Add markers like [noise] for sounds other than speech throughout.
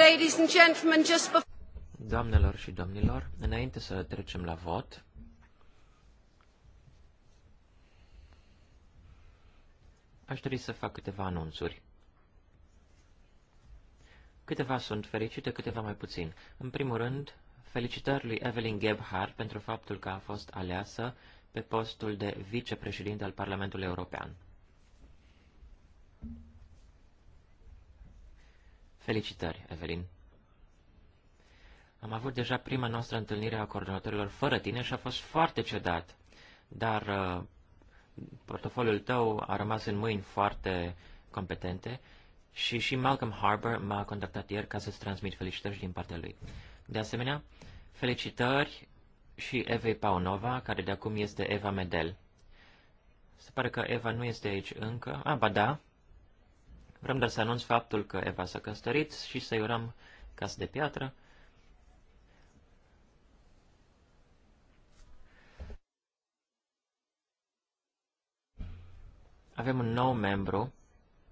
Ladies and gentlemen, just before... Doamnelor și domnilor, înainte să trecem la vot, aș dori să fac câteva anunțuri. Câteva sunt fericite, câteva mai puțin. În primul rând, felicitări lui Evelyn Gebhardt pentru faptul că a fost aleasă pe postul de vicepreședinte al Parlamentului European. Felicitări, Evelin! Am avut deja prima noastră întâlnire a coordonatorilor fără tine și a fost foarte ciudat, dar uh, portofoliul tău a rămas în mâini foarte competente și și Malcolm Harbour m-a contactat ieri ca să-ți transmit felicitări din partea lui. De asemenea, felicitări și Evei Paunova, care de acum este Eva Medel. Se pare că Eva nu este aici încă. A, ah, ba da, Vrem doar să anunț faptul că Eva s-a căsătorit și să-i urăm casă de piatră. Avem un nou membru,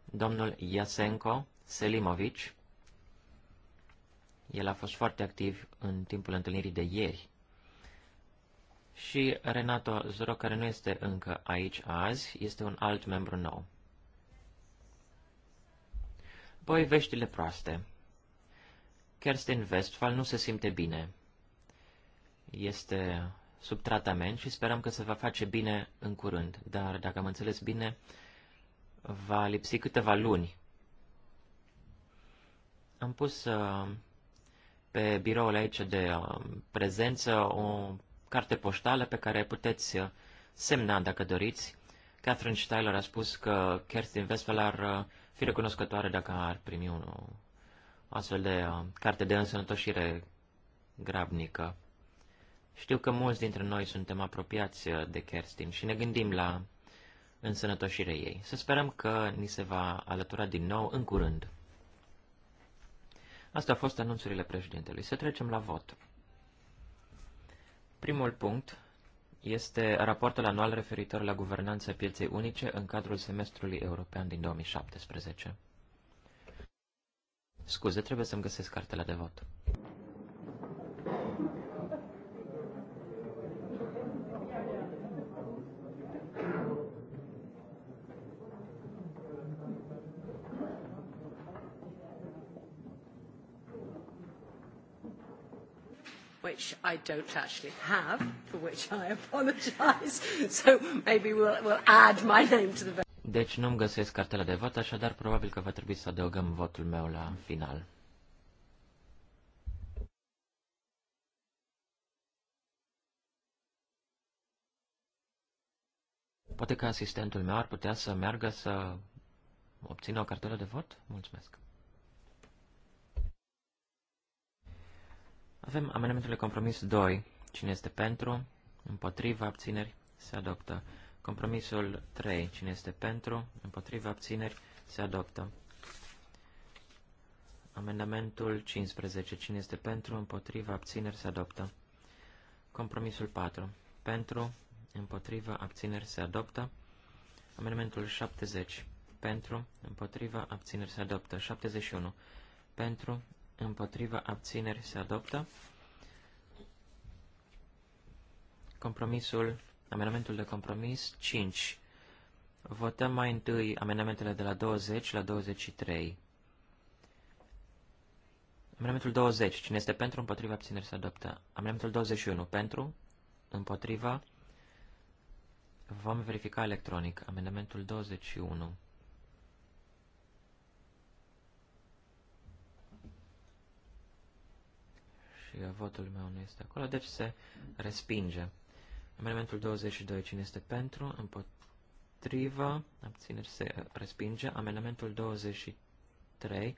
domnul Iasenko Selimovic. El a fost foarte activ în timpul întâlnirii de ieri. Și Renato Zoro, care nu este încă aici azi, este un alt membru nou. Apoi veștile proaste. Kerstin Westphal nu se simte bine. Este sub tratament și sperăm că se va face bine în curând, dar dacă am înțeles bine, va lipsi câteva luni. Am pus uh, pe biroul aici de uh, prezență o carte poștală pe care puteți uh, semna dacă doriți. Catherine Steiler a spus că Kerstin Westphal ar uh, fi recunoscătoare dacă ar primi un, astfel de uh, carte de însănătoșire grabnică. Știu că mulți dintre noi suntem apropiați uh, de Kerstin și ne gândim la însănătoșirea ei. Să sperăm că ni se va alătura din nou în curând. Asta au fost anunțurile președintelui. Să trecem la vot. Primul punct este raportul anual referitor la guvernanța pieței unice în cadrul semestrului european din 2017. Scuze, trebuie să-mi găsesc cartela de vot. which I don't actually have, for which I apologize. [laughs] So maybe we'll, we'll add my name to the vote. Deci nu-mi găsesc cartela de vot, așadar probabil că va trebui să adăugăm votul meu la final. Poate că asistentul meu ar putea să meargă să obțină o cartelă de vot? Mulțumesc. Avem amendamentul de compromis 2. Cine este pentru? Împotriva abțineri? Se adoptă. Compromisul 3. Cine este pentru? Împotriva abțineri? Se adoptă. Amendamentul 15. Cine este pentru? Împotriva abțineri? Se adoptă. Compromisul 4. Pentru? Împotriva abțineri? Se adoptă. Amendamentul 70. Pentru? Împotriva abțineri? Se adoptă. 71. Pentru? împotriva, abțineri se adoptă. Compromisul, amendamentul de compromis 5. Votăm mai întâi amendamentele de la 20 la 23. Amendamentul 20. Cine este pentru, împotriva, abțineri se adoptă. Amendamentul 21. Pentru, împotriva, vom verifica electronic. Amendamentul 21. Uh, votul meu nu este acolo, deci se respinge. Amendamentul 22, cine este pentru, împotriva, abțineri, se respinge. Amendamentul 23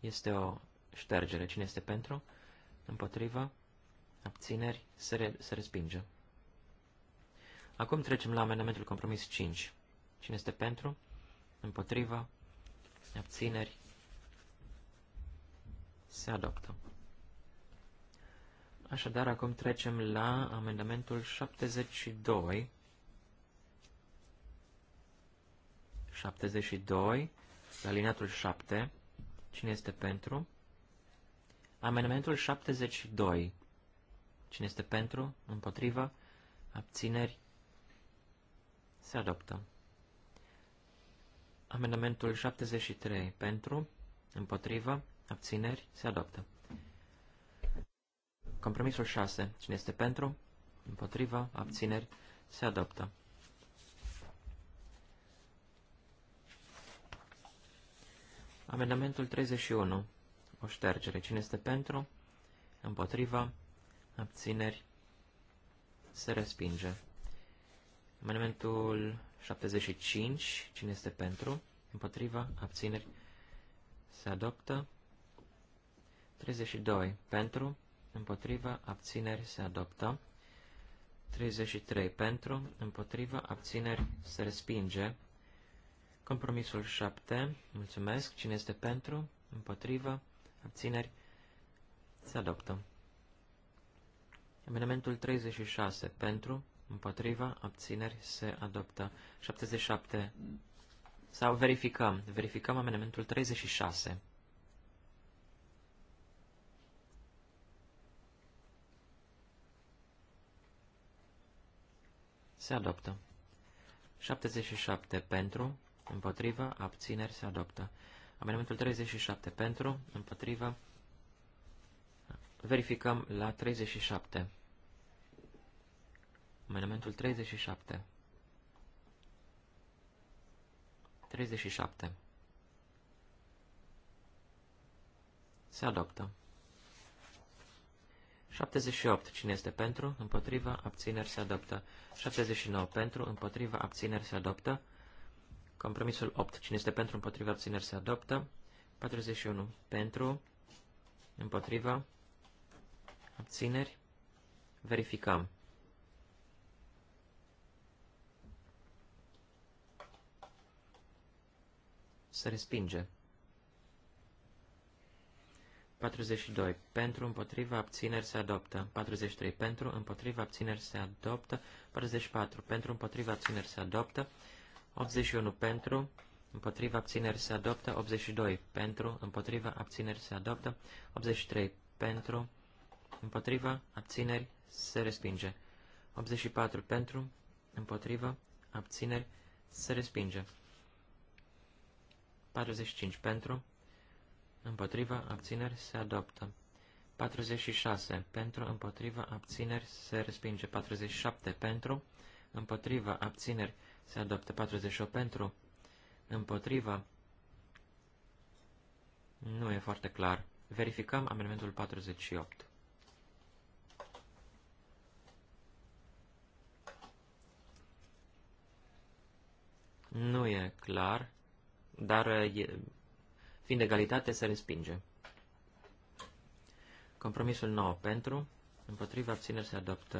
este o ștergere. Cine este pentru, împotriva, abțineri, se, re se respinge. Acum trecem la amendamentul compromis 5. Cine este pentru, împotriva, abțineri, se adoptă. Așadar, acum trecem la amendamentul 72. 72, la alineatul 7. Cine este pentru? Amendamentul 72. Cine este pentru? Împotrivă? Abțineri? Se adoptă. Amendamentul 73. Pentru? Împotrivă? Abțineri? Se adoptă. Compromisul 6. Cine este pentru? Împotriva? Abțineri? Se adoptă. Amendamentul 31. O ștergere. Cine este pentru? Împotriva? Abțineri? Se respinge. Amendamentul 75. Cine este pentru? Împotriva? Abțineri? Se adoptă. 32. Pentru? împotriva, abțineri, se adoptă. 33 pentru, împotriva, abțineri, se respinge. Compromisul 7, mulțumesc, cine este pentru, împotriva, abțineri, se adoptă. Amendamentul 36 pentru, împotriva, abțineri, se adoptă. 77 sau verificăm, verificăm amendamentul 36. se adoptă. 77 pentru, împotrivă, abțineri, se adoptă. Amendamentul 37 pentru, împotrivă, verificăm la 37. Amendamentul 37. 37. Se adoptă. 78. Cine este pentru? Împotriva. Abțineri se adoptă. 79. Pentru. Împotriva. Abțineri se adoptă. Compromisul 8. Cine este pentru? Împotriva. Abțineri se adoptă. 41. Pentru. Împotriva. Abțineri. Verificăm. Se respinge. 42. Pentru, împotriva, abțineri se adoptă. 43. Pentru, împotriva, abțineri se adoptă. 44. Pentru, împotriva, abțineri se adoptă. 81. Pentru, împotriva, abțineri se adoptă. 82. Pentru, împotriva, abțineri se adoptă. 83. Pentru, împotriva, abțineri se respinge. 84. Pentru, împotriva, abțineri se respinge. 45. Pentru, împotriva abțineri se adoptă. 46. Pentru, împotriva, abțineri, se respinge. 47. Pentru, împotriva, abțineri, se adoptă. 48. Pentru, împotriva, nu e foarte clar. Verificăm amendamentul 48. Nu e clar, dar e, Fiind egalitate, se respinge. Compromisul 9 pentru, împotriva abțineri se adoptă.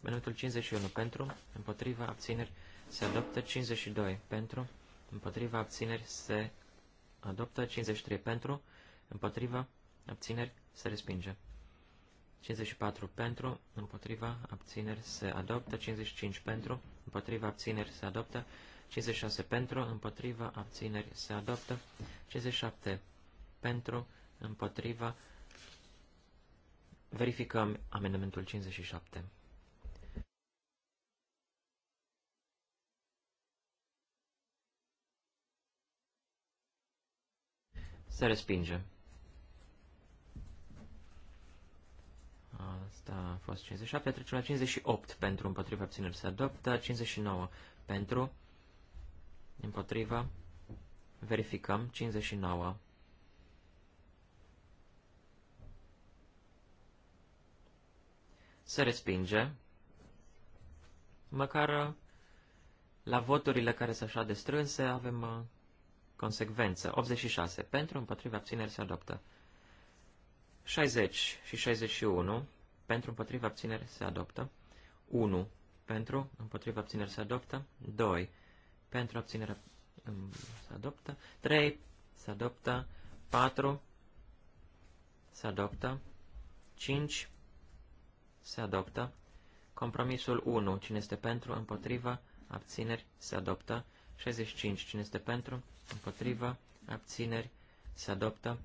Amendamentul 51 pentru, împotriva abțineri se adoptă. 52 pentru, împotriva abțineri se adoptă. 53 pentru, împotriva abțineri se respinge. 54 pentru, împotriva abțineri se adoptă. 55 pentru, împotriva abțineri se adoptă. 56 pentru, împotriva, abțineri, se adoptă. 57 pentru, împotriva, verificăm amendamentul 57. Se respinge. Asta a fost 57, trecem la 58 pentru împotriva abțineri se adoptă, 59 pentru potrivă, Verificăm. 59. Se respinge. Măcar uh, la voturile care sunt așa de strânse avem uh, consecvență. 86. Pentru, împotriva, abțineri se adoptă. 60 și 61. Pentru, împotriva, abțineri se adoptă. 1. Pentru, împotriva, abțineri se adoptă. 2 pentru abținere um, se adoptă, 3 se adoptă, 4 se adoptă, 5 se adoptă, compromisul 1, cine este pentru, împotriva, abțineri, se adoptă, 65, cine este pentru, împotriva, abțineri, se adoptă,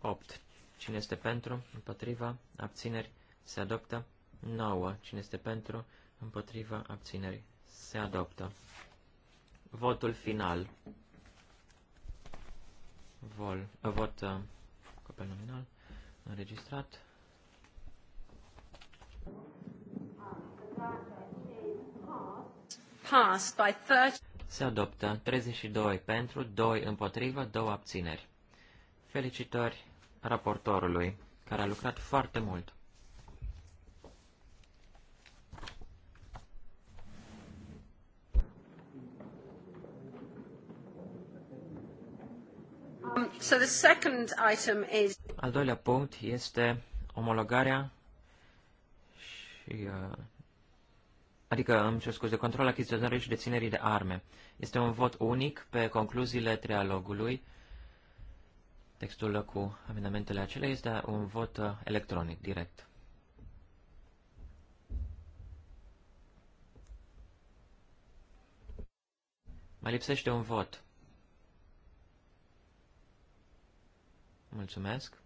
8, cine este pentru, împotriva, abțineri, se adoptă, 9, cine este pentru, împotriva, abțineri, se adoptă votul final. Vol, a, eh, vot a, eh, copil nominal înregistrat. Se adoptă 32 pentru, 2 împotrivă, 2 abțineri. Felicitări raportorului, care a lucrat foarte mult. So the second item is... Al doilea punct este omologarea și, uh, adică, îmi cer scuze, controlul achiziționării și deținerii de arme. Este un vot unic pe concluziile trialogului. Textul cu amendamentele acelea este un vot uh, electronic, direct. Mai lipsește un vot. Mulțumesc.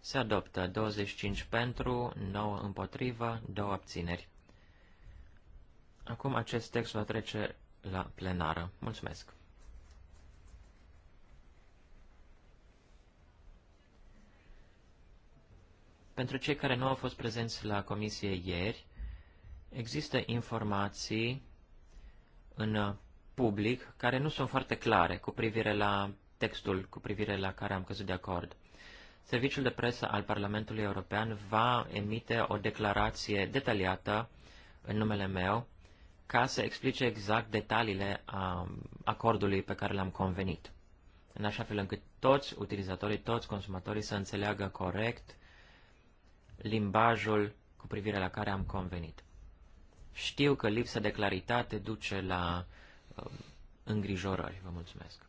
Se adoptă 25 pentru, 9 împotriva, 2 abțineri. Acum acest text va trece la plenară. Mulțumesc. Pentru cei care nu au fost prezenți la comisie ieri, există informații în public care nu sunt foarte clare cu privire la textul cu privire la care am căzut de acord. Serviciul de presă al Parlamentului European va emite o declarație detaliată în numele meu ca să explice exact detaliile a um, acordului pe care l-am convenit, în așa fel încât toți utilizatorii, toți consumatorii să înțeleagă corect limbajul cu privire la care am convenit. Știu că lipsa de claritate duce la um, îngrijorări. Vă mulțumesc.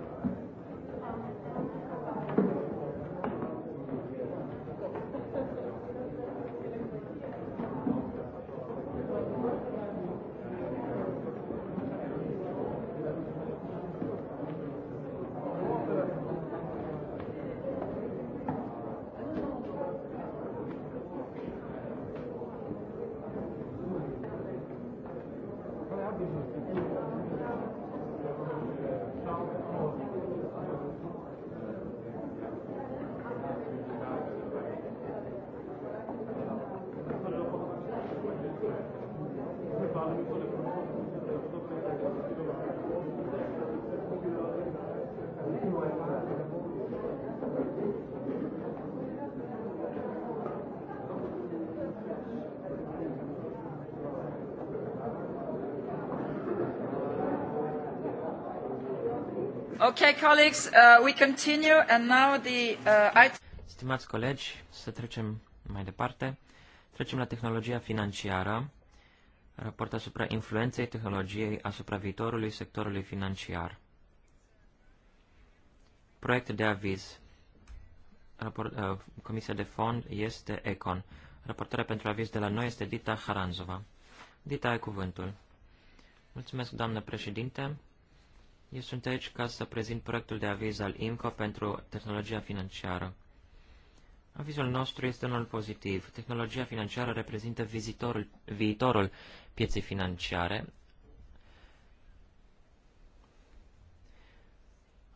Okay, colleagues, uh, we continue and now the uh, Stimați colegi, să trecem mai departe. Trecem la tehnologia financiară, raport asupra influenței tehnologiei asupra viitorului sectorului financiar. Proiect de aviz. Raport, uh, Comisia de fond este ECON. Raportarea pentru aviz de la noi este Dita Haranzova. Dita, ai cuvântul. Mulțumesc, doamnă președinte. Eu sunt aici ca să prezint proiectul de aviz al IMCO pentru tehnologia financiară. Avizul nostru este unul pozitiv. Tehnologia financiară reprezintă vizitorul, viitorul pieței financiare.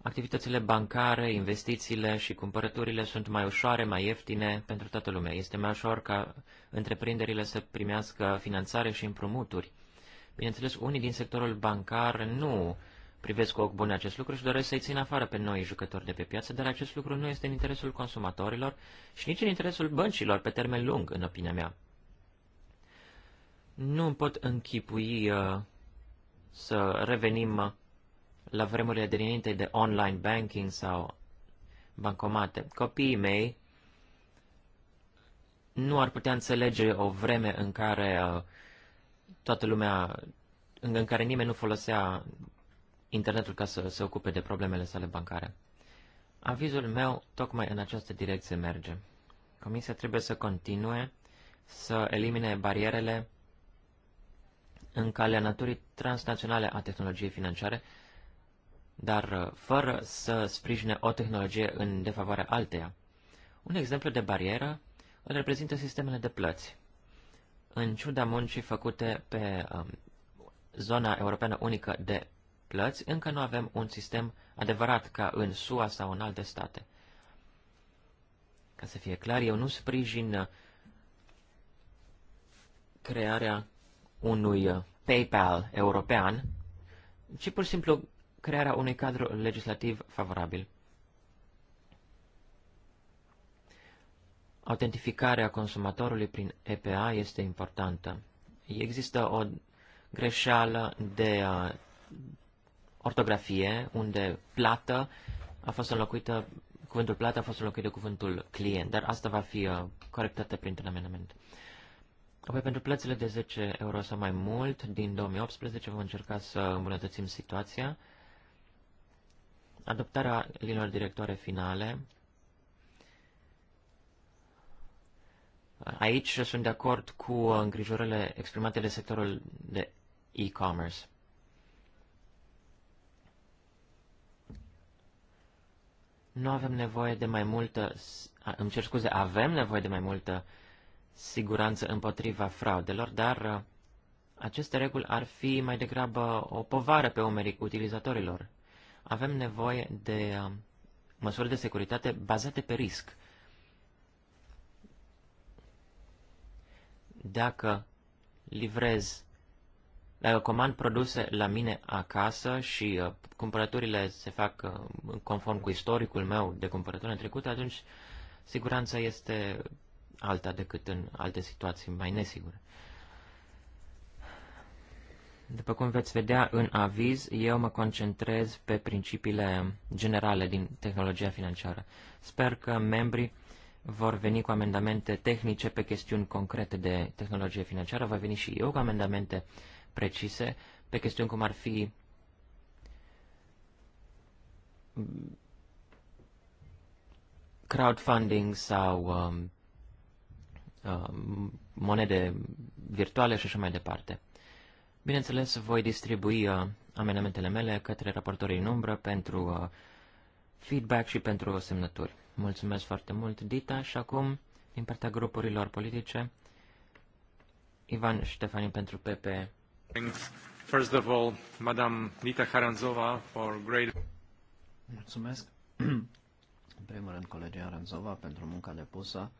Activitățile bancare, investițiile și cumpărăturile sunt mai ușoare, mai ieftine pentru toată lumea. Este mai ușor ca întreprinderile să primească finanțare și împrumuturi. Bineînțeles, unii din sectorul bancar nu uh, privesc cu ochi buni acest lucru și doresc să-i țin afară pe noi jucători de pe piață, dar acest lucru nu este în interesul consumatorilor și nici în interesul băncilor pe termen lung, în opinia mea. Nu pot închipui uh, să revenim la vremurile de dinainte de online banking sau bancomate. Copiii mei nu ar putea înțelege o vreme în care uh, toată lumea, în, în care nimeni nu folosea internetul ca să se ocupe de problemele sale bancare. Avizul meu tocmai în această direcție merge. Comisia trebuie să continue să elimine barierele în calea naturii transnaționale a tehnologiei financiare, dar uh, fără să sprijine o tehnologie în defavoarea alteia. Un exemplu de barieră îl reprezintă sistemele de plăți. În ciuda muncii făcute pe um, zona europeană unică de plăți, încă nu avem un sistem adevărat ca în SUA sau în alte state. Ca să fie clar, eu nu sprijin uh, crearea unui uh, PayPal european, ci pur și simplu crearea unui cadru legislativ favorabil. Autentificarea consumatorului prin EPA este importantă. Există o greșeală de uh, ortografie, unde plată a fost înlocuită, cuvântul plată a fost înlocuit de cuvântul client, dar asta va fi uh, corectată printr-un amendament. Apoi, pentru plățile de 10 euro sau mai mult, din 2018 vom încerca să îmbunătățim situația. Adoptarea linilor directoare finale. Aici sunt de acord cu uh, îngrijorările exprimate de sectorul de e-commerce. nu avem nevoie de mai multă, îmi cer scuze, avem nevoie de mai multă siguranță împotriva fraudelor, dar uh, aceste reguli ar fi mai degrabă o povară pe umerii utilizatorilor. Avem nevoie de uh, măsuri de securitate bazate pe risc. Dacă livrez dacă comand produse la mine acasă și uh, cumpărăturile se fac uh, conform cu istoricul meu de cumpărături în trecut, atunci siguranța este alta decât în alte situații mai nesigure. După cum veți vedea în aviz, eu mă concentrez pe principiile generale din tehnologia financiară. Sper că membrii vor veni cu amendamente tehnice pe chestiuni concrete de tehnologie financiară, va veni și eu cu amendamente uh, precise pe chestiuni cum ar fi crowdfunding sau um, um, monede virtuale și așa mai departe. Bineînțeles, voi distribui uh, amendamentele mele către raportorii în umbră pentru uh, feedback și pentru semnături. Mulțumesc foarte mult, Dita, și acum, din partea grupurilor politice, Ivan Ștefanin pentru PP First of all, Madame Nita Haranzova for great... Mulțumesc. [clears throat] În primul rând, colegii Aranzova pentru munca depusă.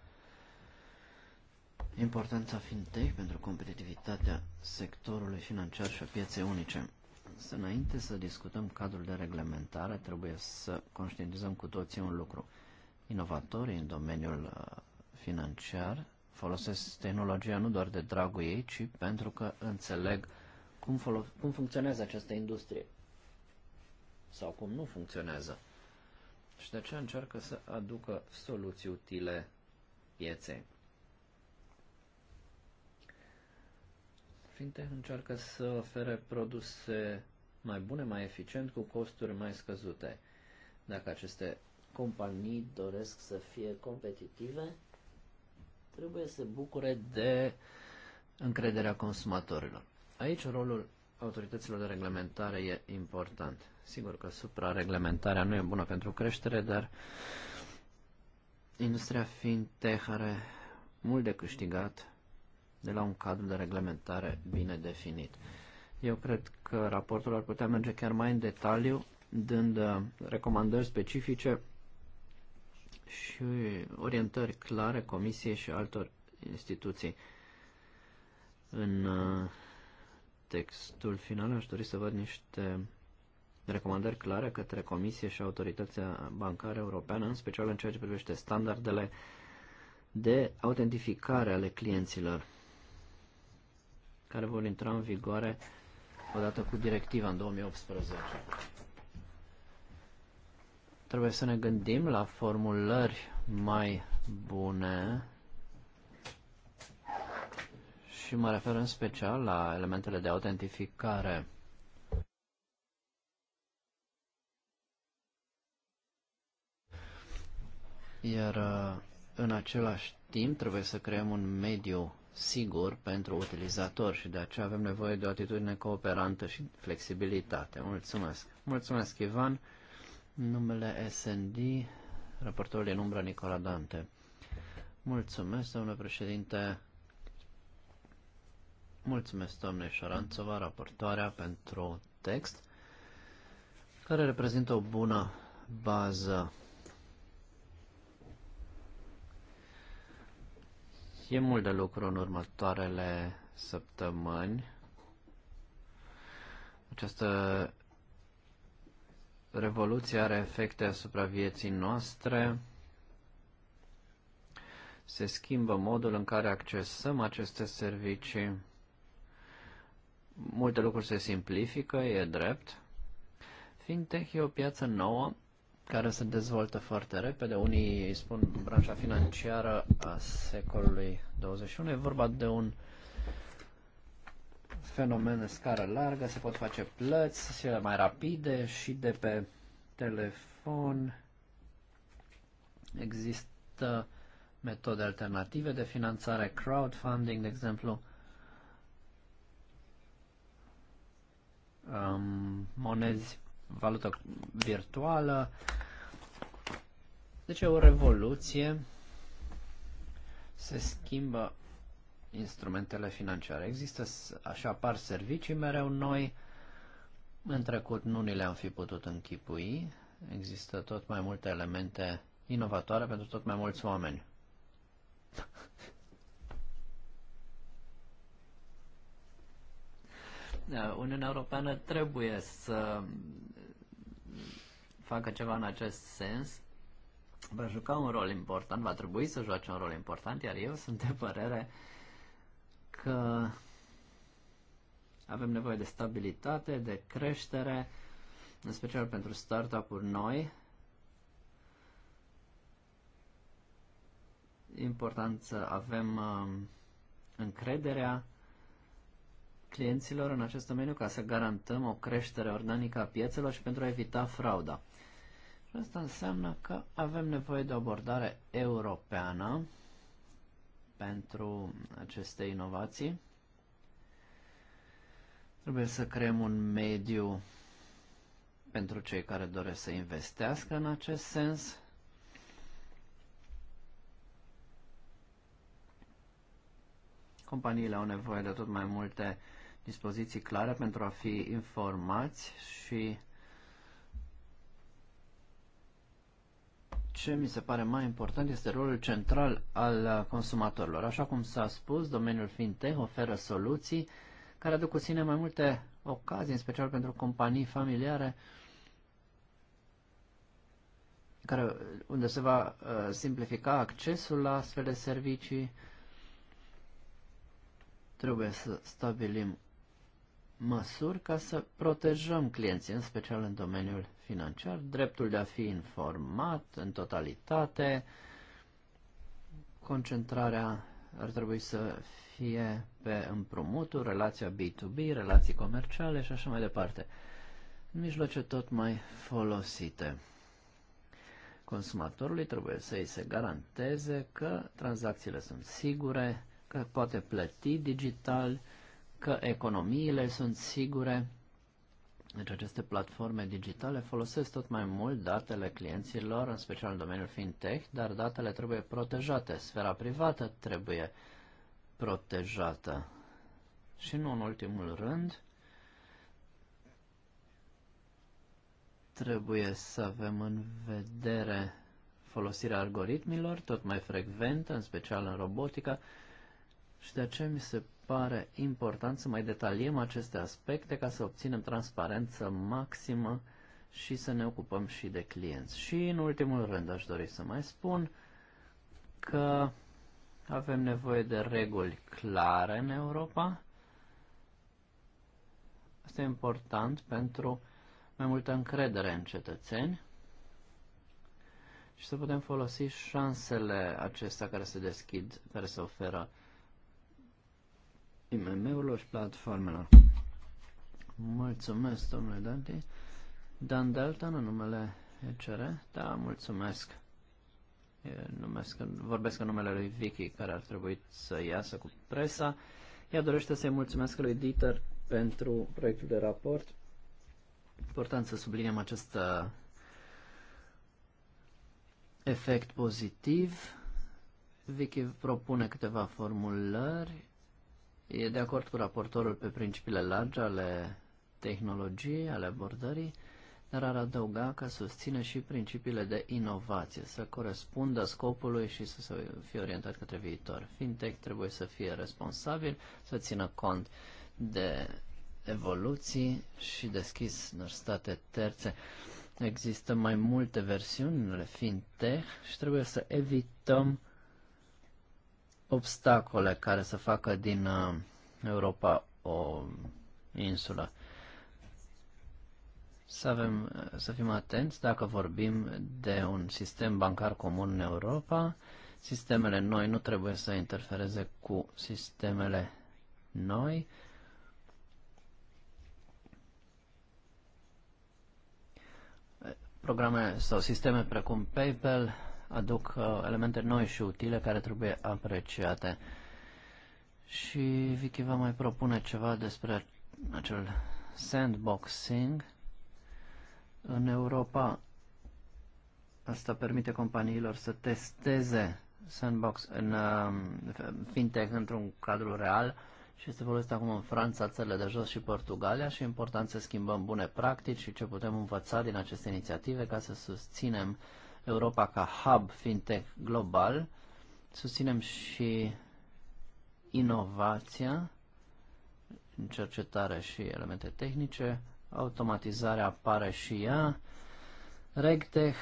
Importanța fintech pentru competitivitatea sectorului financiar și a pieței unice. Să înainte să discutăm cadrul de reglementare, trebuie să conștientizăm cu toții un lucru. Inovatorii în domeniul uh, financiar folosesc tehnologia nu doar de dragul ei, ci pentru că înțeleg uh, cum, folos- cum funcționează această industrie sau cum nu funcționează. Și de aceea încearcă să aducă soluții utile pieței. Fintech încearcă să ofere produse mai bune, mai eficient, cu costuri mai scăzute. Dacă aceste companii doresc să fie competitive, trebuie să bucure de încrederea consumatorilor. Aici rolul autorităților de reglementare e important. Sigur că suprareglementarea nu e bună pentru creștere, dar industria fintech are mult de câștigat de la un cadru de reglementare bine definit. Eu cred că raportul ar putea merge chiar mai în detaliu, dând uh, recomandări specifice și orientări clare Comisiei și altor instituții în uh, textul final aș dori să văd niște recomandări clare către Comisie și Autoritatea Bancară Europeană, în special în ceea ce privește standardele de autentificare ale clienților, care vor intra în vigoare odată cu directiva în 2018. Trebuie să ne gândim la formulări mai bune și mă refer în special la elementele de autentificare. Iar uh, în același timp trebuie să creăm un mediu sigur pentru utilizator și de aceea avem nevoie de o atitudine cooperantă și flexibilitate. Mulțumesc! Mulțumesc, Ivan! Numele SND, raportorul din umbră Nicola Dante. Mulțumesc, domnule președinte! Mulțumesc, doamne Șaranțova, raportoarea, pentru text, care reprezintă o bună bază. E mult de lucru în următoarele săptămâni. Această revoluție are efecte asupra vieții noastre. Se schimbă modul în care accesăm aceste servicii. Multe lucruri se simplifică, e drept. Fintech e o piață nouă care se dezvoltă foarte repede. Unii spun branșa financiară a secolului 21. E vorba de un fenomen în scară largă, se pot face plăți mai rapide și de pe telefon. Există metode alternative de finanțare, crowdfunding, de exemplu. um, monezi, valută virtuală. Deci e o revoluție. Se schimbă instrumentele financiare. Există, așa apar servicii mereu noi. În trecut nu ni le-am fi putut închipui. Există tot mai multe elemente inovatoare pentru tot mai mulți oameni. Uh, Uniunea Europeană trebuie să facă ceva în acest sens. Va juca un rol important, va trebui să joace un rol important, iar eu sunt de părere că avem nevoie de stabilitate, de creștere, în special pentru startup-uri noi. Important să avem uh, încrederea clienților în acest domeniu ca să garantăm o creștere organică a piețelor și pentru a evita frauda. Asta înseamnă că avem nevoie de o abordare europeană pentru aceste inovații. Trebuie să creăm un mediu pentru cei care doresc să investească în acest sens. Companiile au nevoie de tot mai multe dispoziții clare pentru a fi informați și ce mi se pare mai important este rolul central al consumatorilor. Așa cum s-a spus, domeniul fintech oferă soluții care aduc cu sine mai multe ocazii, în special pentru companii familiare, care, unde se va uh, simplifica accesul la astfel de servicii. Trebuie să stabilim măsuri ca să protejăm clienții, în special în domeniul financiar, dreptul de a fi informat în totalitate, concentrarea ar trebui să fie pe împrumuturi, relația B2B, relații comerciale și așa mai departe. În mijloace tot mai folosite. Consumatorului trebuie să îi se garanteze că tranzacțiile sunt sigure, că poate plăti digital, că economiile sunt sigure. Deci aceste platforme digitale folosesc tot mai mult datele clienților, în special în domeniul fintech, dar datele trebuie protejate, sfera privată trebuie protejată. Și nu în ultimul rând, trebuie să avem în vedere folosirea algoritmilor, tot mai frecventă, în special în robotică, și de aceea mi se pare important să mai detaliem aceste aspecte ca să obținem transparență maximă și să ne ocupăm și de clienți. Și în ultimul rând aș dori să mai spun că avem nevoie de reguli clare în Europa. Asta e important pentru mai multă încredere în cetățeni și să putem folosi șansele acestea care se deschid, care se oferă IMM-urilor și platformelor. Mulțumesc, domnule Dante. Dan Delta, în numele ECR? Da, mulțumesc. Numesc, vorbesc în numele lui Vicky, care ar trebui să iasă cu presa. Ea dorește să-i mulțumesc lui Dieter pentru proiectul de raport. Important să subliniem acest uh, efect pozitiv. Vicky propune câteva formulări e de acord cu raportorul pe principiile largi ale tehnologiei, ale abordării, dar ar adăuga că susține și principiile de inovație, să corespundă scopului și să fie orientat către viitor. Fintech trebuie să fie responsabil, să țină cont de evoluții și deschis în state terțe. Există mai multe versiuni ale fintech și trebuie să evităm obstacole care să facă din uh, Europa o insulă. Să, avem, uh, să fim atenți dacă vorbim de un sistem bancar comun în Europa. Sistemele noi nu trebuie să interfereze cu sistemele noi. Programe sau sisteme precum PayPal aduc uh, elemente noi și utile care trebuie apreciate. Și Vicky va mai propune ceva despre acel sandboxing în Europa. Asta permite companiilor să testeze sandbox în uh, fintech într-un cadru real și este folosit acum în Franța, țările de jos și Portugalia și e important să schimbăm bune practici și ce putem învăța din aceste inițiative ca să susținem uh, Europa ca hub fintech global, susținem și inovația în cercetare și elemente tehnice, automatizarea apare și ea, RegTech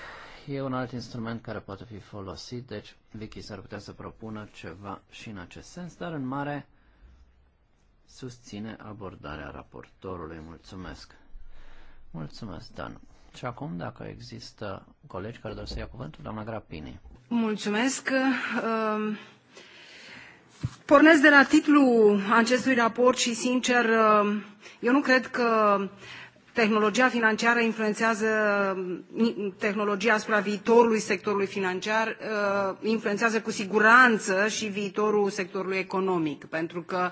e un alt instrument care poate fi folosit, deci Vicky s-ar putea să propună ceva și în acest sens, dar în mare susține abordarea raportorului. Mulțumesc! Mulțumesc, Dan! Și acum, dacă există colegi care doresc să ia cuvântul, doamna Grapini. Mulțumesc. Um, pornesc de la titlul acestui raport și, sincer, um, eu nu cred că tehnologia financiară influențează um, tehnologia asupra viitorului sectorului financiar, uh, influențează cu siguranță și viitorul sectorului economic, pentru că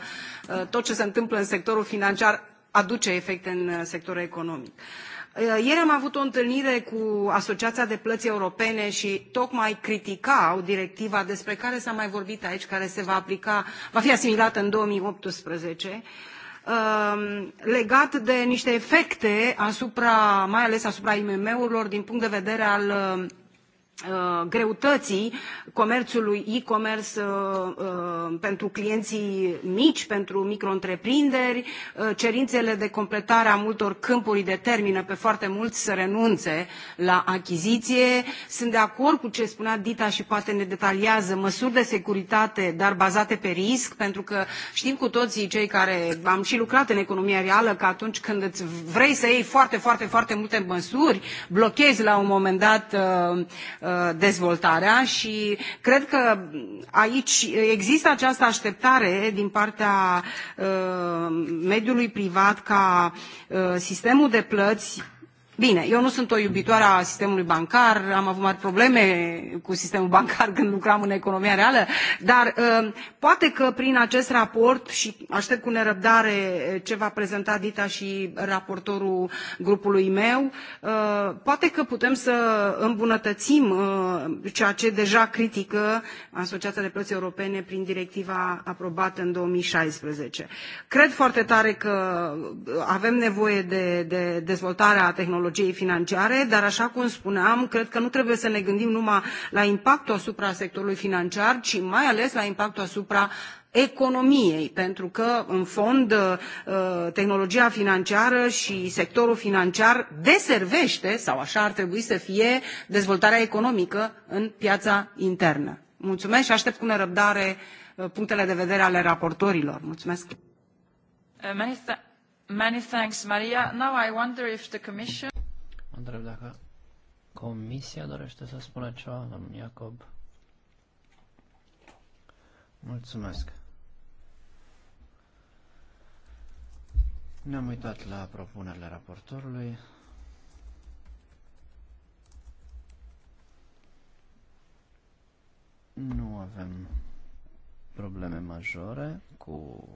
uh, tot ce se întâmplă în sectorul financiar aduce efecte în uh, sectorul economic. Eh, ieri am avut o întâlnire cu Asociația de Plăți Europene și tocmai criticau directiva despre care s-a mai vorbit aici, care se va aplica, va fi asimilată în 2018 ehm, legat de niște efecte asupra, mai ales asupra IMM-urilor din punct de vedere al Uh, greutății comerțului e commerce uh, uh, pentru clienții mici pentru micro-întreprinderi cerințele de completare a multor câmpuri determină pe foarte mulți să renunțe la achiziție. sunt de acord cu ce spunea dita și poate ne detaliază măsuri de securitate dar bazate pe risc pentru că știm cu toții cei care am și lucrat în economia reală că atunci când îți vrei să iei foarte foarte foarte multe măsuri blochezi la un moment dat Uh, dezvoltarea și cred că aici există această așteptare din partea uh, mediului privat ca uh, sistemul de plăți Bine, eu nu sunt o iubitoare a sistemului bancar, am avut mari probleme cu sistemul [laughs] bancar când lucram în economia reală, dar uh, poate că prin acest raport și aștept cu nerăbdare uh, ce va prezenta Dita și raportorul grupului meu, uh, poate că putem să îmbunătățim ceea ce deja critică Asociația de Plăți Europene prin directiva aprobată în 2016. Cred foarte tare că avem nevoie de, de dezvoltarea tehnologiei tehnologiei financiare, dar așa cum spuneam, cred că nu trebuie să ne gândim numai la impactul asupra sectorului financiar, ci mai ales la impactul asupra economiei pentru că în fond uh, tehnologia financiară și sectorul financiar deservește sau așa ar trebui să fie dezvoltarea economică în piața internă. Mulțumesc și aștept cu nerăbdare uh, punctele de vedere ale raportorilor. Mulțumesc. Uh, many, th many thanks, Maria. Now I wonder if the Commission întreb dacă comisia dorește să spună ceva, domnul Iacob. Mulțumesc. Ne-am uitat la propunerile raportorului. Nu avem probleme majore cu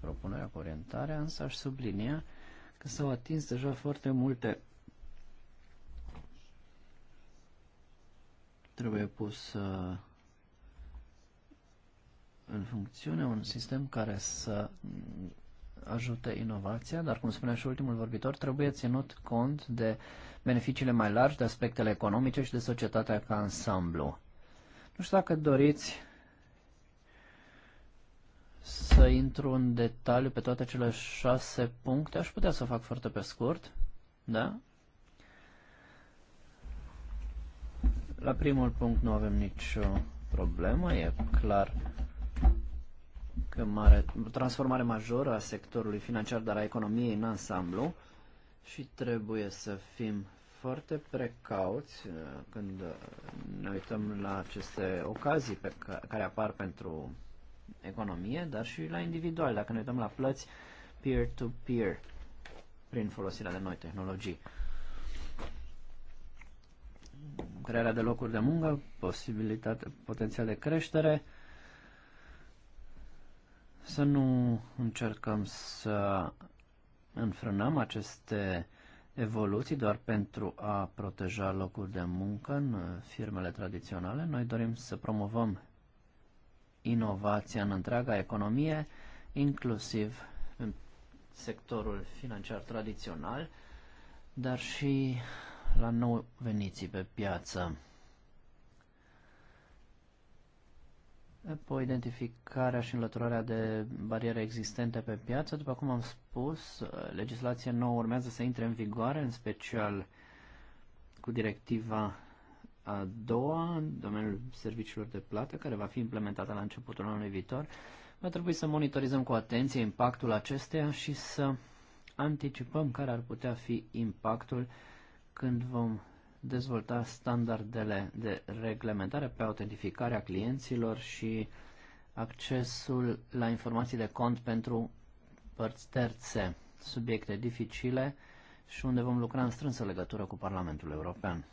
propunerea, cu orientarea, însă aș sublinia că s-au atins deja foarte multe trebuie pus uh, în funcțiune un sistem care să ajute inovația, dar cum spunea și ultimul vorbitor, trebuie ținut cont de beneficiile mai largi, de aspectele economice și de societatea ca ansamblu. Nu știu dacă doriți să intru în detaliu pe toate cele șase puncte, aș putea să o fac foarte pe scurt, da? La primul punct nu avem nicio problemă, e clar că mare, transformare majoră a sectorului financiar, dar a economiei în ansamblu și trebuie să fim foarte precauți uh, când uh, ne uităm la aceste ocazii pe care, care apar pentru economie, dar și la individual, dacă ne uităm la plăți peer-to-peer -peer, prin folosirea de noi tehnologii crearea de locuri de muncă, posibilitate, potențial de creștere, să nu încercăm să înfrânăm aceste evoluții doar pentru a proteja locuri de muncă în firmele tradiționale. Noi dorim să promovăm inovația în întreaga economie, inclusiv în sectorul financiar tradițional, dar și la nou veniții pe piață. Apoi identificarea și înlăturarea de bariere existente pe piață. După cum am spus, legislația nouă urmează să intre în vigoare, în special cu directiva a doua în domeniul serviciilor de plată, care va fi implementată la începutul anului viitor. Va trebui să monitorizăm cu atenție impactul acesteia și să anticipăm care ar putea fi impactul când vom dezvolta standardele de reglementare pe autentificarea clienților și accesul la informații de cont pentru părți terțe, subiecte dificile și unde vom lucra în strânsă legătură cu Parlamentul European.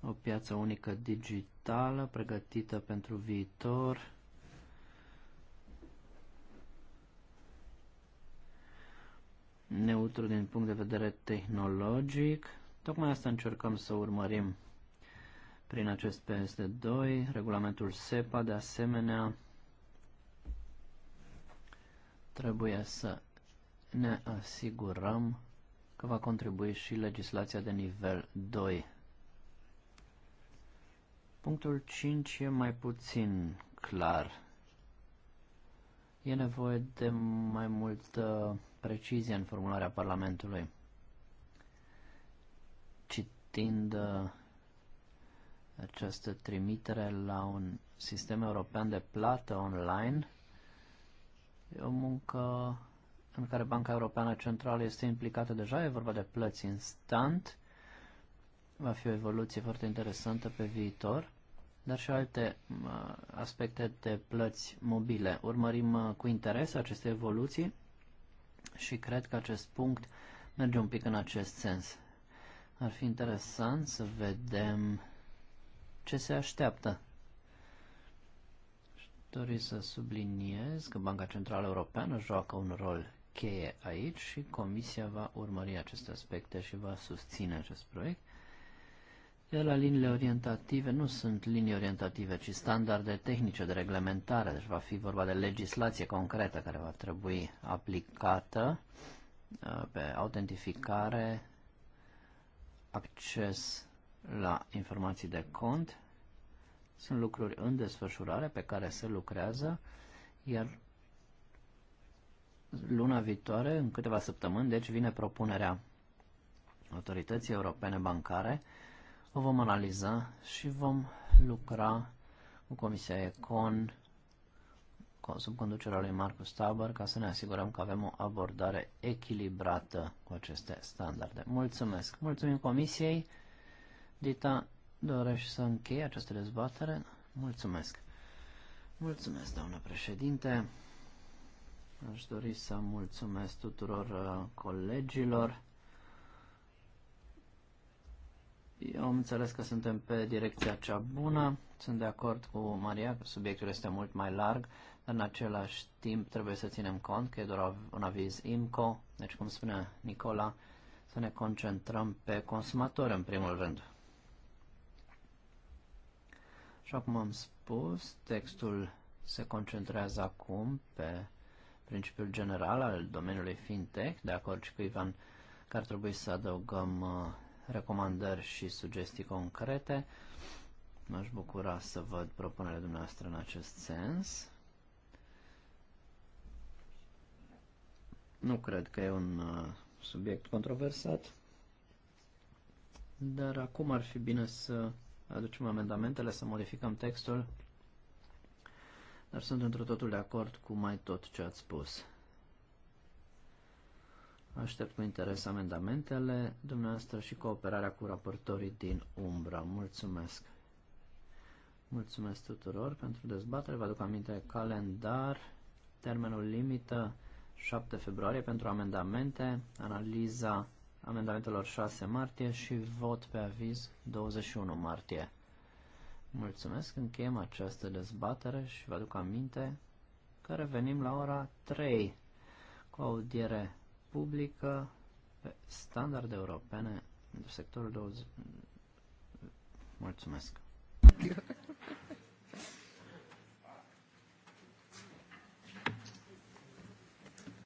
O piață unică digitală pregătită pentru viitor neutru din punct de vedere tehnologic. Tocmai asta încercăm să urmărim prin acest PSD2, regulamentul SEPA de asemenea trebuie să ne asigurăm că va contribui și legislația de nivel 2. Punctul 5 e mai puțin clar. E nevoie de mai multă precizie în formularea Parlamentului. Citind uh, această trimitere la un sistem european de plată online, e o muncă în care Banca Europeană Centrală este implicată deja, e vorba de plăți instant, va fi o evoluție foarte interesantă pe viitor, dar și alte uh, aspecte de plăți mobile. Urmărim uh, cu interes aceste evoluții și cred că acest punct merge un pic în acest sens. Ar fi interesant să vedem ce se așteaptă. dori să subliniez că Banca Centrală Europeană joacă un rol cheie aici și Comisia va urmări aceste aspecte și va susține acest proiect. Iar la liniile orientative nu sunt linii orientative, ci standarde tehnice de reglementare, deci va fi vorba de legislație concretă care va trebui aplicată uh, pe autentificare, acces la informații de cont. Sunt lucruri în desfășurare pe care se lucrează, iar luna viitoare, în câteva săptămâni, deci vine propunerea Autorității Europene Bancare o vom analiza și vom lucra cu Comisia Econ sub conducerea lui Marcus Taber ca să ne asigurăm că avem o abordare echilibrată cu aceste standarde. Mulțumesc! Mulțumim Comisiei! Dita, dorești să închei această dezbatere? Mulțumesc! Mulțumesc, doamnă președinte! Aș dori să mulțumesc tuturor uh, colegilor Eu am înțeles că suntem pe direcția cea bună, sunt de acord cu Maria că subiectul este mult mai larg, dar în același timp trebuie să ținem cont că e doar un aviz IMCO, deci cum spunea Nicola, să ne concentrăm pe consumator în primul rând. Așa cum am spus, textul se concentrează acum pe principiul general al domeniului fintech, de acord și cu Ivan că ar trebui să adăugăm uh, recomandări și sugestii concrete. M-aș bucura să văd propunerea dumneavoastră în acest sens. Nu cred că e un uh, subiect controversat, dar acum ar fi bine să aducem amendamentele, să modificăm textul, dar sunt într totul de acord cu mai tot ce ați spus. Aștept cu interes amendamentele dumneavoastră și cooperarea cu raportorii din Umbra. Mulțumesc! Mulțumesc tuturor pentru dezbatere. Vă aduc aminte calendar, termenul limită 7 februarie pentru amendamente, analiza amendamentelor 6 martie și vot pe aviz 21 martie. Mulțumesc, încheiem această dezbatere și vă aduc aminte că revenim la ora 3 cu audiere publică pe standarde europene pentru sectorul 20. Mulțumesc! [laughs]